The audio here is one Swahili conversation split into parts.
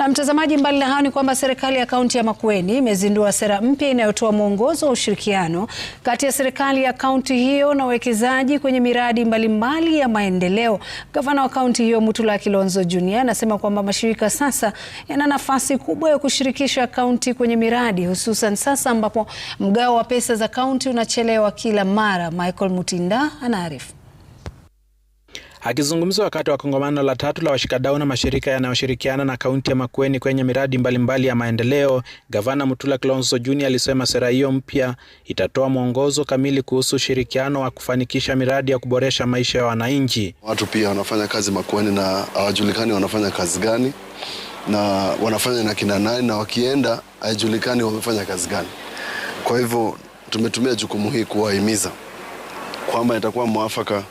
Na mtazamaji, mbali na hayo ni kwamba serikali ya kaunti ya Makueni imezindua sera mpya inayotoa mwongozo wa ushirikiano kati ya serikali ya kaunti hiyo na wawekezaji kwenye miradi mbalimbali ya maendeleo. Gavana wa kaunti hiyo Mutula Kilonzo Junior anasema kwamba mashirika sasa yana nafasi kubwa ya kushirikisha kaunti kwenye miradi, hususan sasa ambapo mgao wa pesa za kaunti unachelewa kila mara. Michael Mutinda anaarifu. Akizungumza wakati wa kongamano la tatu la washikadau na mashirika yanayoshirikiana na kaunti ya Makueni kwenye miradi mbalimbali mbali ya maendeleo, gavana Mutula Kilonzo Junior alisema sera hiyo mpya itatoa mwongozo kamili kuhusu ushirikiano wa kufanikisha miradi ya kuboresha maisha ya wananchi. Watu pia wanafanya kazi Makueni na hawajulikani wanafanya kazi gani na wanafanya na kina nani, na wakienda haijulikani wamefanya kazi gani. Kwa hivyo tumetumia jukumu hii kuwahimiza kwamba itakuwa mwafaka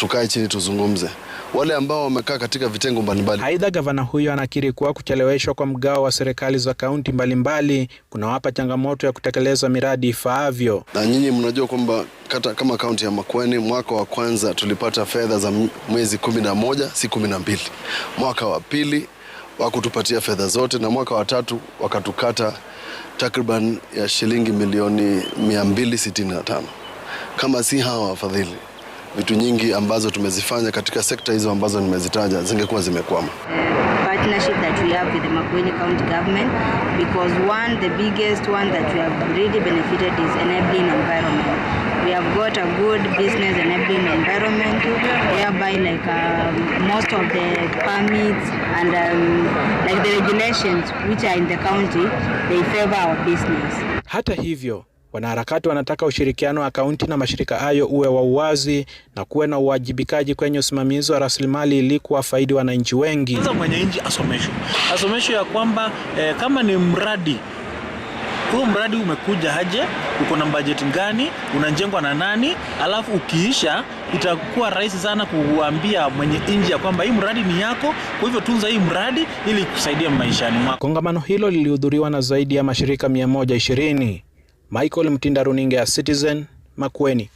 tukae chini tuzungumze wale ambao wamekaa katika vitengo mbalimbali. Aidha, gavana huyo anakiri kuwa kucheleweshwa kwa mgao wa serikali za kaunti mbalimbali kunawapa changamoto ya kutekeleza miradi ifaavyo. Na nyinyi mnajua kwamba kata kama kaunti ya Makueni, mwaka wa kwanza tulipata fedha za mwezi kumi na moja si kumi na mbili. Mwaka wa pili wakutupatia fedha zote, na mwaka wa tatu wakatukata takriban ya shilingi milioni 265 kama si hawa wafadhili vitu nyingi ambazo tumezifanya katika sekta hizo ambazo nimezitaja zingekuwa zimekwama. Partnership that we have with the Makueni County government because one the biggest one that we have really benefited is enabling environment. We have got a good business enabling environment whereby like uh, most of the permits and um, like the regulations which are in the county they favor our business. Hata hivyo Wanaharakati wanataka ushirikiano wa kaunti na mashirika hayo uwe wa uwazi na kuwe na uwajibikaji kwenye usimamizi wa rasilimali ili kuwafaidi wananchi wengi. Kwanza mwenye nchi asomeshwe, asomeshwe ya kwamba eh, kama ni mradi huo mradi umekuja haje, uko na bajeti gani, unajengwa na nani, alafu ukiisha itakuwa rahisi sana kuambia mwenye nchi ya kwamba hii mradi ni yako, kwa hivyo tunza hii mradi ili kusaidia maishani mwako. Kongamano hilo lilihudhuriwa na zaidi ya mashirika 120. Michael Mtinda, runinga ya Citizen, Makueni.